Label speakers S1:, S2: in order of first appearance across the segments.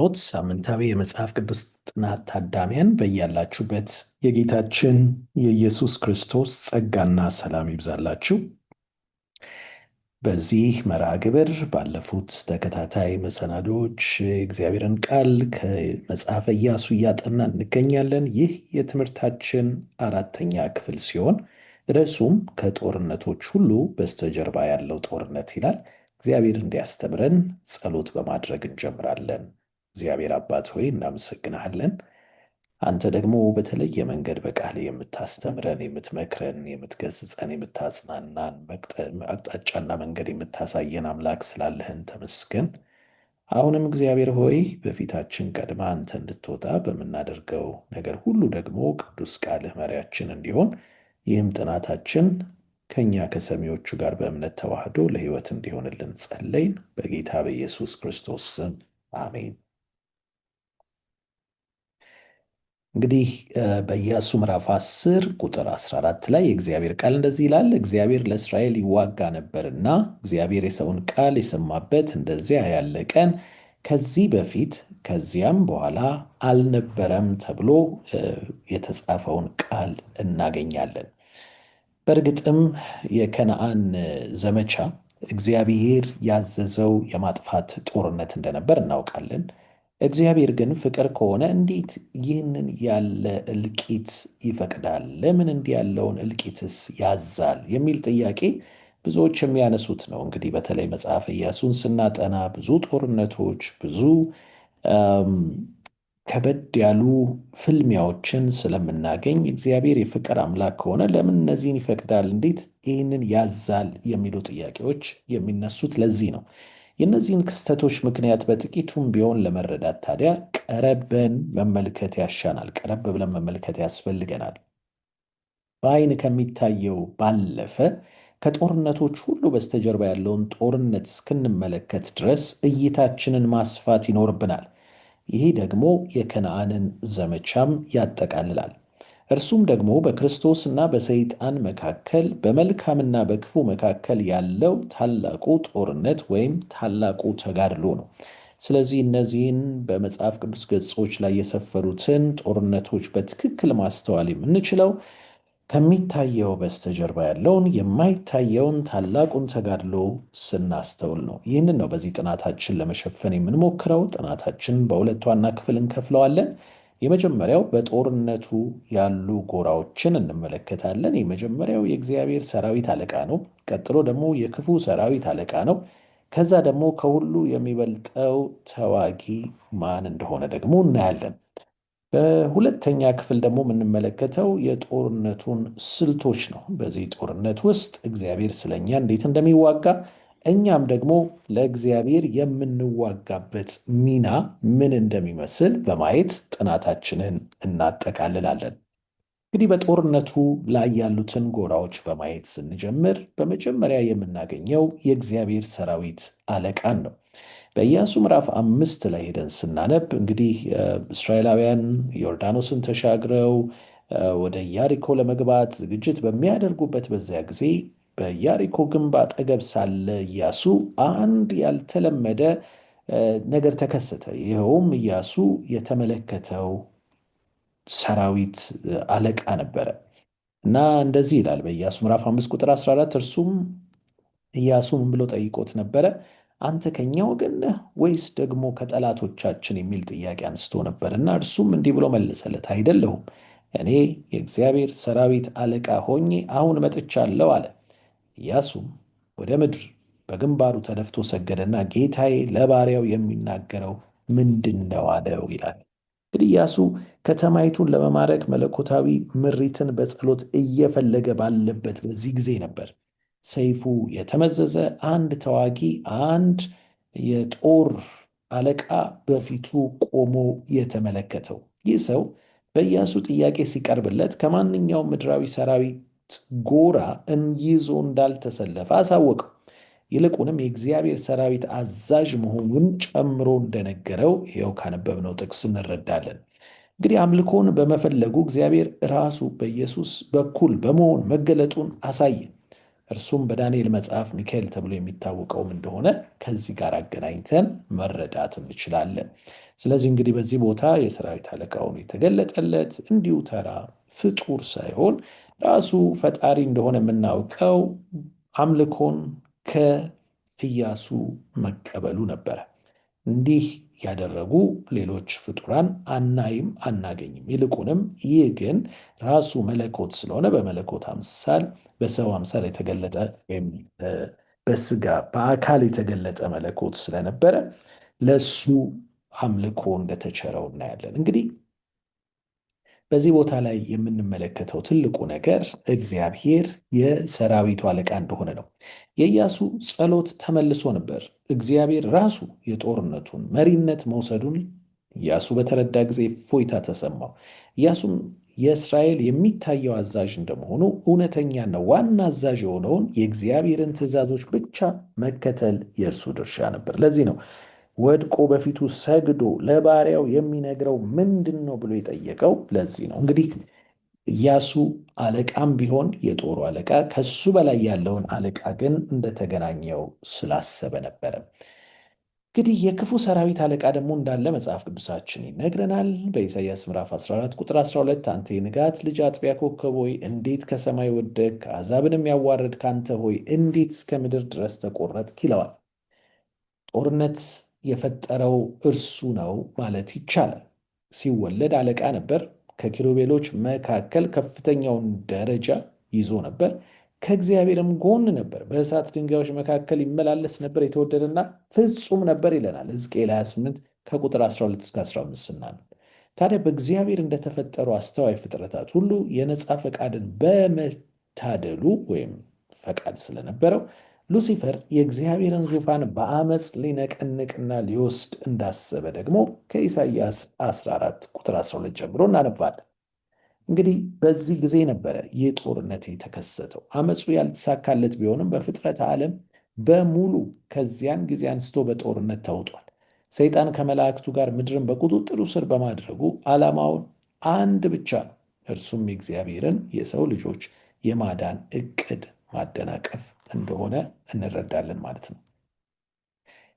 S1: ጸሎት ሳምንታዊ የመጽሐፍ ቅዱስ ጥናት ታዳሚያን በያላችሁበት የጌታችን የኢየሱስ ክርስቶስ ጸጋና ሰላም ይብዛላችሁ። በዚህ መርሃ ግብር ባለፉት ተከታታይ መሰናዶች እግዚአብሔርን ቃል ከመጽሐፈ ኢያሱ እያጠና እንገኛለን። ይህ የትምህርታችን አራተኛ ክፍል ሲሆን ርዕሱም ከጦርነቶች ሁሉ በስተጀርባ ያለው ጦርነት ይላል። እግዚአብሔር እንዲያስተምረን ጸሎት በማድረግ እንጀምራለን። እግዚአብሔር አባት ሆይ እናመሰግናሃለን አንተ ደግሞ በተለየ መንገድ በቃል የምታስተምረን፣ የምትመክረን፣ የምትገስጸን፣ የምታጽናናን፣ አቅጣጫና መንገድ የምታሳየን አምላክ ስላለህን ተመስገን። አሁንም እግዚአብሔር ሆይ በፊታችን ቀድማ አንተ እንድትወጣ በምናደርገው ነገር ሁሉ ደግሞ ቅዱስ ቃልህ መሪያችን እንዲሆን ይህም ጥናታችን ከእኛ ከሰሚዎቹ ጋር በእምነት ተዋህዶ ለህይወት እንዲሆንልን ጸለይን በጌታ በኢየሱስ ክርስቶስ ስም አሜን። እንግዲህ በኢያሱ ምዕራፍ 10 ቁጥር 14 ላይ የእግዚአብሔር ቃል እንደዚህ ይላል፣ እግዚአብሔር ለእስራኤል ይዋጋ ነበርና እግዚአብሔር የሰውን ቃል የሰማበት እንደዚያ ያለ ቀን ከዚህ በፊት ከዚያም በኋላ አልነበረም ተብሎ የተጻፈውን ቃል እናገኛለን። በእርግጥም የከነአን ዘመቻ እግዚአብሔር ያዘዘው የማጥፋት ጦርነት እንደነበር እናውቃለን። እግዚአብሔር ግን ፍቅር ከሆነ እንዴት ይህንን ያለ እልቂት ይፈቅዳል? ለምን እንዲህ ያለውን እልቂትስ ያዛል? የሚል ጥያቄ ብዙዎች የሚያነሱት ነው። እንግዲህ በተለይ መጽሐፈ ኢያሱን ስናጠና ብዙ ጦርነቶች፣ ብዙ ከበድ ያሉ ፍልሚያዎችን ስለምናገኝ እግዚአብሔር የፍቅር አምላክ ከሆነ ለምን እነዚህን ይፈቅዳል? እንዴት ይህንን ያዛል? የሚሉ ጥያቄዎች የሚነሱት ለዚህ ነው። የእነዚህን ክስተቶች ምክንያት በጥቂቱም ቢሆን ለመረዳት ታዲያ ቀረበን መመልከት ያሻናል። ቀረብ ብለን መመልከት ያስፈልገናል። በአይን ከሚታየው ባለፈ ከጦርነቶች ሁሉ በስተጀርባ ያለውን ጦርነት እስክንመለከት ድረስ እይታችንን ማስፋት ይኖርብናል። ይህ ደግሞ የከነዓንን ዘመቻም ያጠቃልላል። እርሱም ደግሞ በክርስቶስና በሰይጣን መካከል በመልካምና በክፉ መካከል ያለው ታላቁ ጦርነት ወይም ታላቁ ተጋድሎ ነው። ስለዚህ እነዚህን በመጽሐፍ ቅዱስ ገጾች ላይ የሰፈሩትን ጦርነቶች በትክክል ማስተዋል የምንችለው ከሚታየው በስተጀርባ ያለውን የማይታየውን ታላቁን ተጋድሎ ስናስተውል ነው። ይህንን ነው በዚህ ጥናታችን ለመሸፈን የምንሞክረው። ጥናታችን በሁለት ዋና ክፍል እንከፍለዋለን። የመጀመሪያው በጦርነቱ ያሉ ጎራዎችን እንመለከታለን። የመጀመሪያው የእግዚአብሔር ሰራዊት አለቃ ነው። ቀጥሎ ደግሞ የክፉ ሰራዊት አለቃ ነው። ከዛ ደግሞ ከሁሉ የሚበልጠው ተዋጊ ማን እንደሆነ ደግሞ እናያለን። በሁለተኛ ክፍል ደግሞ የምንመለከተው የጦርነቱን ስልቶች ነው። በዚህ ጦርነት ውስጥ እግዚአብሔር ስለኛ እንዴት እንደሚዋጋ እኛም ደግሞ ለእግዚአብሔር የምንዋጋበት ሚና ምን እንደሚመስል በማየት ጥናታችንን እናጠቃልላለን። እንግዲህ በጦርነቱ ላይ ያሉትን ጎራዎች በማየት ስንጀምር በመጀመሪያ የምናገኘው የእግዚአብሔር ሰራዊት አለቃን ነው። በኢያሱ ምዕራፍ አምስት ላይ ሄደን ስናነብ እንግዲህ እስራኤላውያን ዮርዳኖስን ተሻግረው ወደ ኢያሪኮ ለመግባት ዝግጅት በሚያደርጉበት በዚያ ጊዜ በያሪኮ ግንብ አጠገብ ሳለ ኢያሱ አንድ ያልተለመደ ነገር ተከሰተ። ይኸውም ኢያሱ የተመለከተው ሰራዊት አለቃ ነበረ እና እንደዚህ ይላል በኢያሱ ምዕራፍ 5 ቁጥር 14 እርሱም ኢያሱ ምን ብሎ ጠይቆት ነበረ? አንተ ከኛ ወገን ነህ ወይስ ደግሞ ከጠላቶቻችን የሚል ጥያቄ አንስቶ ነበር እና እርሱም እንዲህ ብሎ መለሰለት፣ አይደለሁም እኔ የእግዚአብሔር ሰራዊት አለቃ ሆኜ አሁን መጥቻለሁ አለ። ኢያሱም ወደ ምድር በግንባሩ ተደፍቶ ሰገደና ጌታዬ ለባሪያው የሚናገረው ምንድን ነው አለው ይላል። እንግዲህ ኢያሱ ከተማይቱን ለመማረክ መለኮታዊ ምሪትን በጸሎት እየፈለገ ባለበት በዚህ ጊዜ ነበር ሰይፉ የተመዘዘ አንድ ተዋጊ አንድ የጦር አለቃ በፊቱ ቆሞ የተመለከተው። ይህ ሰው በኢያሱ ጥያቄ ሲቀርብለት ከማንኛውም ምድራዊ ሰራዊት ጎራ እንይዞ እንዳልተሰለፈ አሳወቀው። ይልቁንም የእግዚአብሔር ሰራዊት አዛዥ መሆኑን ጨምሮ እንደነገረው ይኸው ካነበብነው ጥቅስ እንረዳለን። እንግዲህ አምልኮን በመፈለጉ እግዚአብሔር ራሱ በኢየሱስ በኩል በመሆን መገለጡን አሳየ። እርሱም በዳንኤል መጽሐፍ ሚካኤል ተብሎ የሚታወቀውም እንደሆነ ከዚህ ጋር አገናኝተን መረዳት እንችላለን። ስለዚህ እንግዲህ በዚህ ቦታ የሰራዊት አለቃውን የተገለጠለት እንዲሁ ተራ ፍጡር ሳይሆን ራሱ ፈጣሪ እንደሆነ የምናውቀው አምልኮን ከኢያሱ መቀበሉ ነበረ። እንዲህ ያደረጉ ሌሎች ፍጡራን አናይም አናገኝም። ይልቁንም ይህ ግን ራሱ መለኮት ስለሆነ በመለኮት አምሳል በሰው አምሳል የተገለጠ ወይም በስጋ በአካል የተገለጠ መለኮት ስለነበረ ለሱ አምልኮ እንደተቸረው እናያለን እንግዲህ በዚህ ቦታ ላይ የምንመለከተው ትልቁ ነገር እግዚአብሔር የሰራዊቱ አለቃ እንደሆነ ነው። የኢያሱ ጸሎት ተመልሶ ነበር። እግዚአብሔር ራሱ የጦርነቱን መሪነት መውሰዱን ኢያሱ በተረዳ ጊዜ እፎይታ ተሰማው። ኢያሱም የእስራኤል የሚታየው አዛዥ እንደመሆኑ እውነተኛና ዋና አዛዥ የሆነውን የእግዚአብሔርን ትእዛዞች ብቻ መከተል የእርሱ ድርሻ ነበር። ለዚህ ነው ወድቆ በፊቱ ሰግዶ ለባሪያው የሚነግረው ምንድን ነው ብሎ የጠየቀው ለዚህ ነው። እንግዲህ ያሱ አለቃም ቢሆን የጦሩ አለቃ ከሱ በላይ ያለውን አለቃ ግን እንደተገናኘው ስላሰበ ነበረ። እንግዲህ የክፉ ሰራዊት አለቃ ደግሞ እንዳለ መጽሐፍ ቅዱሳችን ይነግረናል። በኢሳያስ ምዕራፍ 14 ቁጥር 12 አንተ የንጋት ልጅ አጥቢያ ኮከብ ሆይ እንዴት ከሰማይ ወደቅ፣ አሕዛብንም ያዋረድክ አንተ ሆይ እንዴት እስከ ምድር ድረስ ተቆረጥክ ይለዋል። ጦርነት የፈጠረው እርሱ ነው ማለት ይቻላል። ሲወለድ አለቃ ነበር። ከኪሩቤሎች መካከል ከፍተኛውን ደረጃ ይዞ ነበር። ከእግዚአብሔርም ጎን ነበር። በእሳት ድንጋዮች መካከል ይመላለስ ነበር። የተወደደና ፍጹም ነበር ይለናል ሕዝቅኤል 28 ከቁጥር 12 እስከ 15 ስናነብ ታዲያ በእግዚአብሔር እንደተፈጠሩ አስተዋይ ፍጥረታት ሁሉ የነፃ ፈቃድን በመታደሉ ወይም ፈቃድ ስለነበረው ሉሲፈር የእግዚአብሔርን ዙፋን በአመፅ ሊነቀንቅና ሊወስድ እንዳሰበ ደግሞ ከኢሳይያስ 14 ቁጥር 12 ጀምሮ እናነባለን። እንግዲህ በዚህ ጊዜ ነበረ ይህ ጦርነት የተከሰተው። አመፁ ያልተሳካለት ቢሆንም በፍጥረት ዓለም በሙሉ ከዚያን ጊዜ አንስቶ በጦርነት ተውጧል። ሰይጣን ከመላእክቱ ጋር ምድርን በቁጥጥሩ ስር በማድረጉ ዓላማውን አንድ ብቻ ነው፣ እርሱም የእግዚአብሔርን የሰው ልጆች የማዳን እቅድ ማደናቀፍ እንደሆነ እንረዳለን ማለት ነው።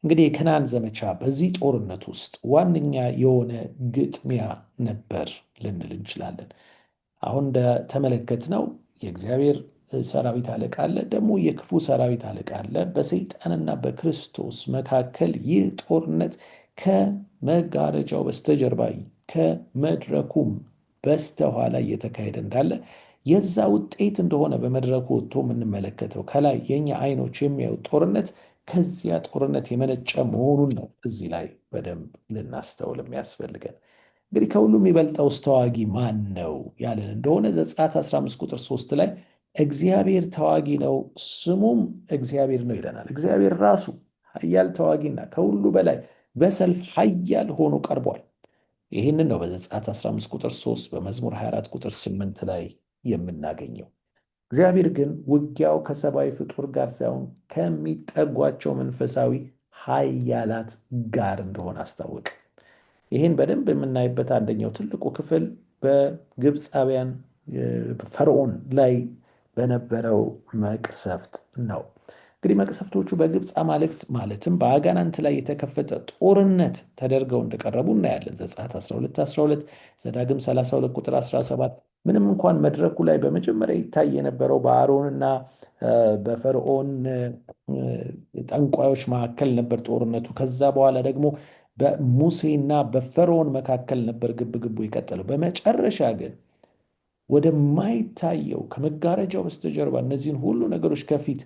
S1: እንግዲህ የከናን ዘመቻ በዚህ ጦርነት ውስጥ ዋነኛ የሆነ ግጥሚያ ነበር ልንል እንችላለን። አሁን እንደተመለከትነው የእግዚአብሔር ሰራዊት አለቃ አለ፣ ደግሞ የክፉ ሰራዊት አለቃ አለ። በሰይጣንና በክርስቶስ መካከል ይህ ጦርነት ከመጋረጃው በስተጀርባ ከመድረኩም በስተኋላ እየተካሄደ እንዳለ የዛ ውጤት እንደሆነ በመድረኩ ወጥቶ የምንመለከተው ከላይ የኛ አይኖች የሚያዩት ጦርነት ከዚያ ጦርነት የመነጨ መሆኑን ነው እዚህ ላይ በደንብ ልናስተውል የሚያስፈልገን። እንግዲህ ከሁሉም የሚበልጠው ተዋጊ ማን ነው ያለን እንደሆነ ዘጸአት 15 ቁጥር 3 ላይ እግዚአብሔር ተዋጊ ነው ስሙም እግዚአብሔር ነው ይለናል። እግዚአብሔር ራሱ ኃያል ተዋጊና ከሁሉ በላይ በሰልፍ ኃያል ሆኖ ቀርቧል። ይህንን ነው በዘጸአት 15 ቁጥር 3 በመዝሙር 24 ቁጥር 8 ላይ የምናገኘው። እግዚአብሔር ግን ውጊያው ከሰብአዊ ፍጡር ጋር ሳይሆን ከሚጠጓቸው መንፈሳዊ ኃያላት ጋር እንደሆነ አስታወቀ። ይህን በደንብ የምናይበት አንደኛው ትልቁ ክፍል በግብፃውያን ፈርዖን ላይ በነበረው መቅሰፍት ነው። እንግዲህ መቅሰፍቶቹ በግብፅ አማልክት ማለትም በአጋናንት ላይ የተከፈተ ጦርነት ተደርገው እንደቀረቡ እናያለን። ዘጸአት 12 12 ዘዳግም 32 ቁጥር 17 ምንም እንኳን መድረኩ ላይ በመጀመሪያ ይታይ የነበረው በአሮንና በፈርዖን ጠንቋዮች መካከል ነበር ጦርነቱ። ከዛ በኋላ ደግሞ በሙሴና በፈርዖን መካከል ነበር ግብግቡ የቀጠለው። በመጨረሻ ግን ወደማይታየው ከመጋረጃው በስተጀርባ እነዚህን ሁሉ ነገሮች ከፊት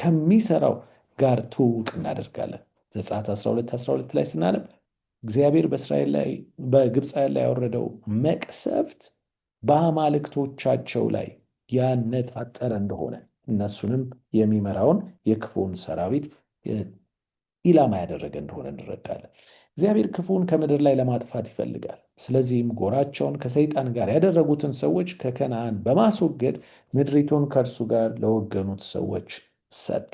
S1: ከሚሰራው ጋር ትውውቅ እናደርጋለን። ዘጸአት 12 12 ላይ ስናነብ እግዚአብሔር በእስራኤል ላይ በግብፃውያን ላይ ያወረደው መቅሰፍት በአማልክቶቻቸው ላይ ያነጣጠረ እንደሆነ እነሱንም የሚመራውን የክፉን ሰራዊት ኢላማ ያደረገ እንደሆነ እንረዳለን። እግዚአብሔር ክፉን ከምድር ላይ ለማጥፋት ይፈልጋል። ስለዚህም ጎራቸውን ከሰይጣን ጋር ያደረጉትን ሰዎች ከከነአን በማስወገድ ምድሪቱን ከእርሱ ጋር ለወገኑት ሰዎች ሰጠ።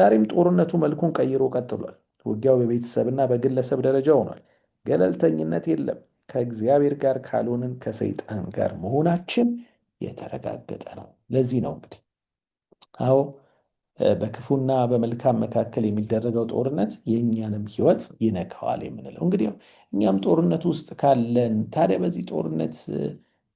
S1: ዛሬም ጦርነቱ መልኩን ቀይሮ ቀጥሏል። ውጊያው በቤተሰብና በግለሰብ ደረጃ ሆኗል። ገለልተኝነት የለም። ከእግዚአብሔር ጋር ካልሆንን ከሰይጣን ጋር መሆናችን የተረጋገጠ ነው። ለዚህ ነው እንግዲህ አዎ በክፉና በመልካም መካከል የሚደረገው ጦርነት የእኛንም ሕይወት ይነካዋል የምንለው እንግዲህ እኛም ጦርነት ውስጥ ካለን ታዲያ በዚህ ጦርነት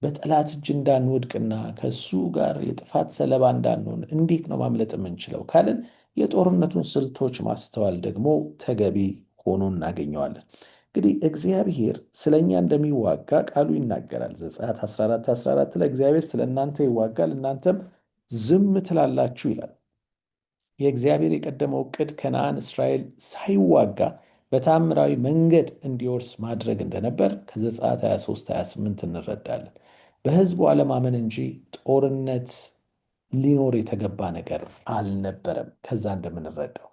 S1: በጠላት እጅ እንዳንወድቅና ከሱ ጋር የጥፋት ሰለባ እንዳንሆን እንዴት ነው ማምለጥ የምንችለው ካለን የጦርነቱን ስልቶች ማስተዋል ደግሞ ተገቢ ሆኖ እናገኘዋለን። እንግዲህ እግዚአብሔር ስለ እኛ እንደሚዋጋ ቃሉ ይናገራል። ዘጸአት 14 14 ላይ እግዚአብሔር ስለ እናንተ ይዋጋል እናንተም ዝም ትላላችሁ ይላል። የእግዚአብሔር የቀደመው ቅድ ከነአን እስራኤል ሳይዋጋ በታምራዊ መንገድ እንዲወርስ ማድረግ እንደነበር ከዘጸአት 23 28 እንረዳለን። በህዝቡ አለማመን እንጂ ጦርነት ሊኖር የተገባ ነገር አልነበረም። ከዛ እንደምንረዳው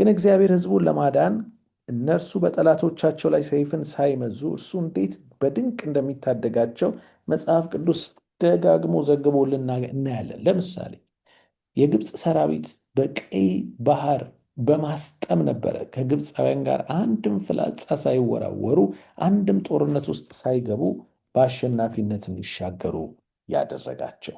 S1: ግን እግዚአብሔር ህዝቡን ለማዳን እነርሱ በጠላቶቻቸው ላይ ሰይፍን ሳይመዙ እርሱ እንዴት በድንቅ እንደሚታደጋቸው መጽሐፍ ቅዱስ ደጋግሞ ዘግቦልን እናያለን። ለምሳሌ የግብፅ ሰራዊት በቀይ ባህር በማስጠም ነበረ። ከግብፃውያን ጋር አንድም ፍላጻ ሳይወራወሩ አንድም ጦርነት ውስጥ ሳይገቡ በአሸናፊነት እንዲሻገሩ ያደረጋቸው።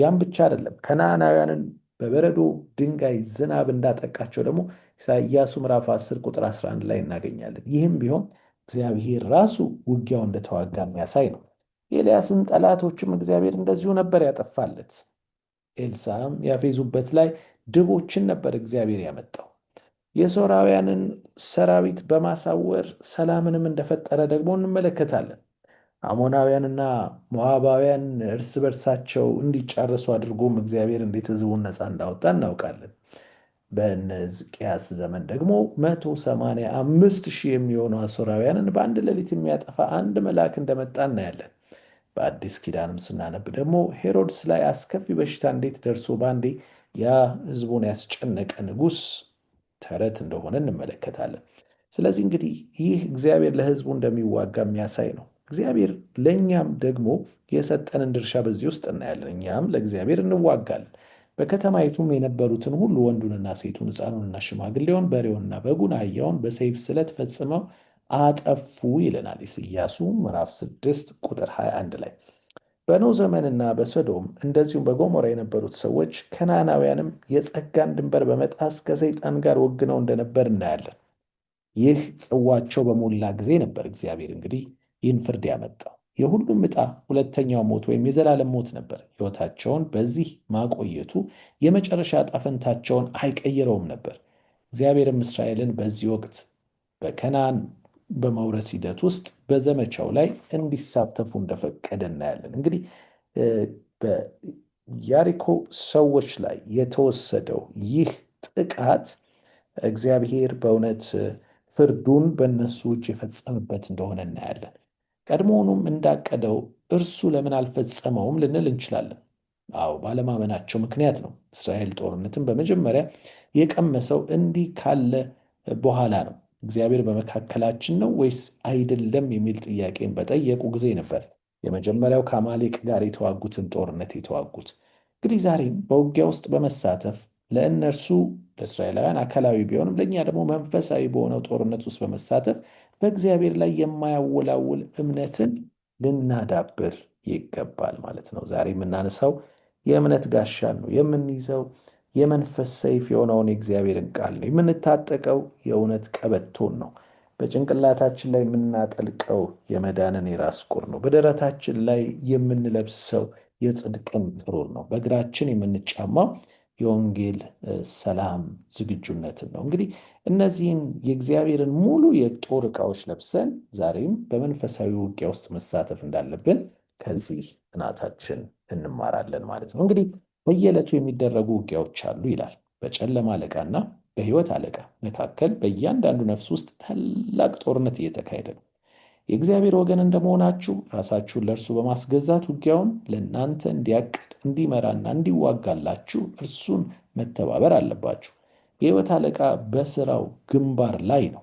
S1: ያም ብቻ አይደለም፣ ከነዓናውያንን በበረዶ ድንጋይ ዝናብ እንዳጠቃቸው ደግሞ ኢሳያሱ ምዕራፍ 10 ቁጥር 11 ላይ እናገኛለን። ይህም ቢሆን እግዚአብሔር ራሱ ውጊያው እንደተዋጋ የሚያሳይ ነው። ኤልያስን ጠላቶችም እግዚአብሔር እንደዚሁ ነበር ያጠፋለት። ኤልሳም ያፌዙበት ላይ ድቦችን ነበር እግዚአብሔር ያመጣው። የሶራውያንን ሰራዊት በማሳወር ሰላምንም እንደፈጠረ ደግሞ እንመለከታለን። አሞናውያንና ሞዓባውያን እርስ በርሳቸው እንዲጫረሱ አድርጎም እግዚአብሔር እንዴት ሕዝቡን ነፃ እንዳወጣ እናውቃለን። በሕዝቅያስ ዘመን ደግሞ መቶ ሰማንያ አምስት ሺህ የሚሆኑ አሦራውያንን በአንድ ሌሊት የሚያጠፋ አንድ መልአክ እንደመጣ እናያለን። በአዲስ ኪዳንም ስናነብ ደግሞ ሄሮድስ ላይ አስከፊ በሽታ እንዴት ደርሶ በአንዴ ያ ህዝቡን ያስጨነቀ ንጉሥ ተረት እንደሆነ እንመለከታለን። ስለዚህ እንግዲህ ይህ እግዚአብሔር ለህዝቡ እንደሚዋጋ የሚያሳይ ነው። እግዚአብሔር ለእኛም ደግሞ የሰጠንን ድርሻ በዚህ ውስጥ እናያለን። እኛም ለእግዚአብሔር እንዋጋለን። በከተማይቱም የነበሩትን ሁሉ ወንዱንና ሴቱን ሕፃኑንና ሽማግሌውን በሬውንና በጉን አህያውን በሰይፍ ስለት ፈጽመው አጠፉ ይለናል ኢያሱ ምዕራፍ 6 ቁጥር 21 ላይ። በኖህ ዘመንና በሰዶም እንደዚሁም በጎሞራ የነበሩት ሰዎች ከናናውያንም የጸጋን ድንበር በመጣስ ከሰይጣን ጋር ወግነው እንደነበር እናያለን። ይህ ጽዋቸው በሞላ ጊዜ ነበር እግዚአብሔር እንግዲህ ይህን ፍርድ ያመጣው። የሁሉም ዕጣ ሁለተኛው ሞት ወይም የዘላለም ሞት ነበር። ሕይወታቸውን በዚህ ማቆየቱ የመጨረሻ ዕጣ ፈንታቸውን አይቀይረውም ነበር። እግዚአብሔርም እስራኤልን በዚህ ወቅት በከናን በመውረስ ሂደት ውስጥ በዘመቻው ላይ እንዲሳተፉ እንደፈቀደ እናያለን። እንግዲህ በያሪኮ ሰዎች ላይ የተወሰደው ይህ ጥቃት እግዚአብሔር በእውነት ፍርዱን በእነሱ እጅ የፈጸመበት እንደሆነ እናያለን። ቀድሞውኑም እንዳቀደው እርሱ ለምን አልፈጸመውም ልንል እንችላለን። አዎ ባለማመናቸው ምክንያት ነው። እስራኤል ጦርነትን በመጀመሪያ የቀመሰው እንዲህ ካለ በኋላ ነው። እግዚአብሔር በመካከላችን ነው ወይስ አይደለም የሚል ጥያቄን በጠየቁ ጊዜ ነበር የመጀመሪያው ከአማሌቅ ጋር የተዋጉትን ጦርነት የተዋጉት። እንግዲህ ዛሬም በውጊያ ውስጥ በመሳተፍ ለእነርሱ ለእስራኤላውያን አካላዊ ቢሆንም ለእኛ ደግሞ መንፈሳዊ በሆነው ጦርነት ውስጥ በመሳተፍ በእግዚአብሔር ላይ የማያወላውል እምነትን ልናዳብር ይገባል ማለት ነው። ዛሬ የምናነሳው የእምነት ጋሻን ነው የምንይዘው የመንፈስ ሰይፍ የሆነውን የእግዚአብሔርን ቃል ነው የምንታጠቀው። የእውነት ቀበቶን ነው በጭንቅላታችን ላይ የምናጠልቀው የመዳንን የራስ ቁር ነው። በደረታችን ላይ የምንለብሰው የጽድቅን ጥሩር ነው። በእግራችን የምንጫማው የወንጌል ሰላም ዝግጁነትን ነው። እንግዲህ እነዚህን የእግዚአብሔርን ሙሉ የጦር ዕቃዎች ለብሰን ዛሬም በመንፈሳዊ ውጊያ ውስጥ መሳተፍ እንዳለብን ከዚህ ጥናታችን እንማራለን ማለት ነው። እንግዲህ በየዕለቱ የሚደረጉ ውጊያዎች አሉ ይላል። በጨለማ አለቃና በሕይወት አለቃ መካከል በእያንዳንዱ ነፍስ ውስጥ ታላቅ ጦርነት እየተካሄደ ነው። የእግዚአብሔር ወገን እንደመሆናችሁ ራሳችሁን ለእርሱ በማስገዛት ውጊያውን ለእናንተ እንዲያቅድ እንዲመራና እንዲዋጋላችሁ እርሱን መተባበር አለባችሁ። የሕይወት አለቃ በስራው ግንባር ላይ ነው።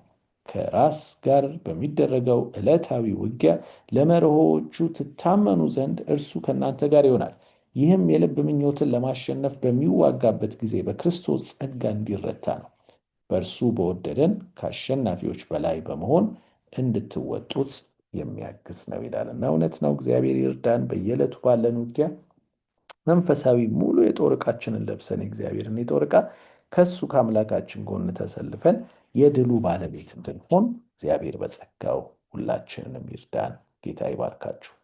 S1: ከራስ ጋር በሚደረገው ዕለታዊ ውጊያ ለመርሆዎቹ ትታመኑ ዘንድ እርሱ ከእናንተ ጋር ይሆናል። ይህም የልብ ምኞትን ለማሸነፍ በሚዋጋበት ጊዜ በክርስቶስ ጸጋ እንዲረታ ነው። በእርሱ በወደደን ከአሸናፊዎች በላይ በመሆን እንድትወጡት የሚያግዝ ነው ይላል እና እውነት ነው። እግዚአብሔር ይርዳን። በየዕለቱ ባለን ውጊያ መንፈሳዊ ሙሉ የጦር ዕቃችንን ለብሰን እግዚአብሔርን የጦር ዕቃ ከሱ ከአምላካችን ጎን ተሰልፈን የድሉ ባለቤት እንድንሆን እግዚአብሔር በጸጋው ሁላችንንም ይርዳን። ጌታ ይባርካችሁ።